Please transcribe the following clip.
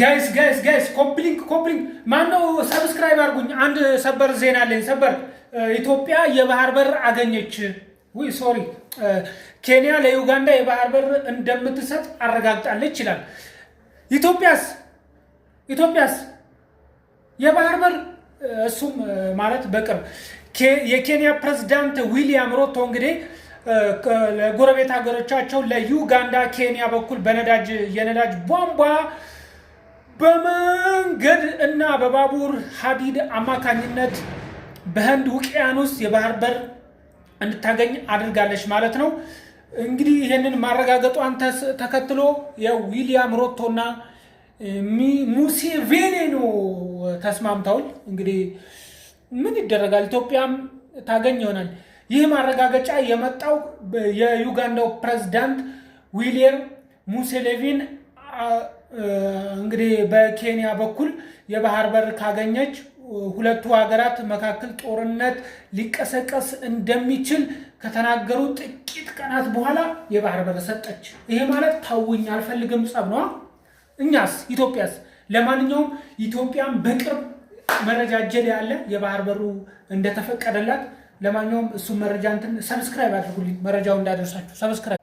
ጋይስ ጋይስ ጋይስ ኮፕሊንክ ኮፕሊንክ ማነው? ሰብስክራይብ አድርጉኝ። አንድ ሰበር ዜና አለኝ። ሰበር uh, ኢትዮጵያ የባህር በር አገኘች። ውይ ሶሪ፣ uh, ኬንያ ለዩጋንዳ የባህር በር እንደምትሰጥ አረጋግጣለች ይላል። ኢትዮጵያስ ኢትዮጵያስ የባህር በር uh, እሱም ማለት በቅርብ የኬንያ ፕሬዝዳንት ዊሊያም ሮቶ እንግዲህ ለጎረቤት ሀገሮቻቸው ለዩጋንዳ ኬንያ በኩል በነዳጅ የነዳጅ ቧንቧ በመንገድ እና በባቡር ሀዲድ አማካኝነት በህንድ ውቅያኖስ የባህር በር እንድታገኝ አድርጋለች ማለት ነው። እንግዲህ ይህንን ማረጋገጧን ተከትሎ የዊሊያም ሮቶና ሙሴቬኒ ተስማምተዋል። እንግዲህ ምን ይደረጋል፣ ኢትዮጵያም ታገኝ ይሆናል። ይህ ማረጋገጫ የመጣው የዩጋንዳው ፕሬዚዳንት ዊሊየም ሙሴቬኒ እንግዲህ በኬንያ በኩል የባህር በር ካገኘች ሁለቱ ሀገራት መካከል ጦርነት ሊቀሰቀስ እንደሚችል ከተናገሩ ጥቂት ቀናት በኋላ የባህር በር ሰጠች። ይሄ ማለት ታውኝ አልፈልግም ጸብ ነዋ። እኛስ ኢትዮጵያስ? ለማንኛውም ኢትዮጵያን በቅርብ መረጃ እጄ ያለ የባህር በሩ እንደተፈቀደላት። ለማንኛውም እሱ መረጃ እንትን ሰብስክራይብ አድርጉልኝ፣ መረጃው እንዳደርሳችሁ ሰብስክራይብ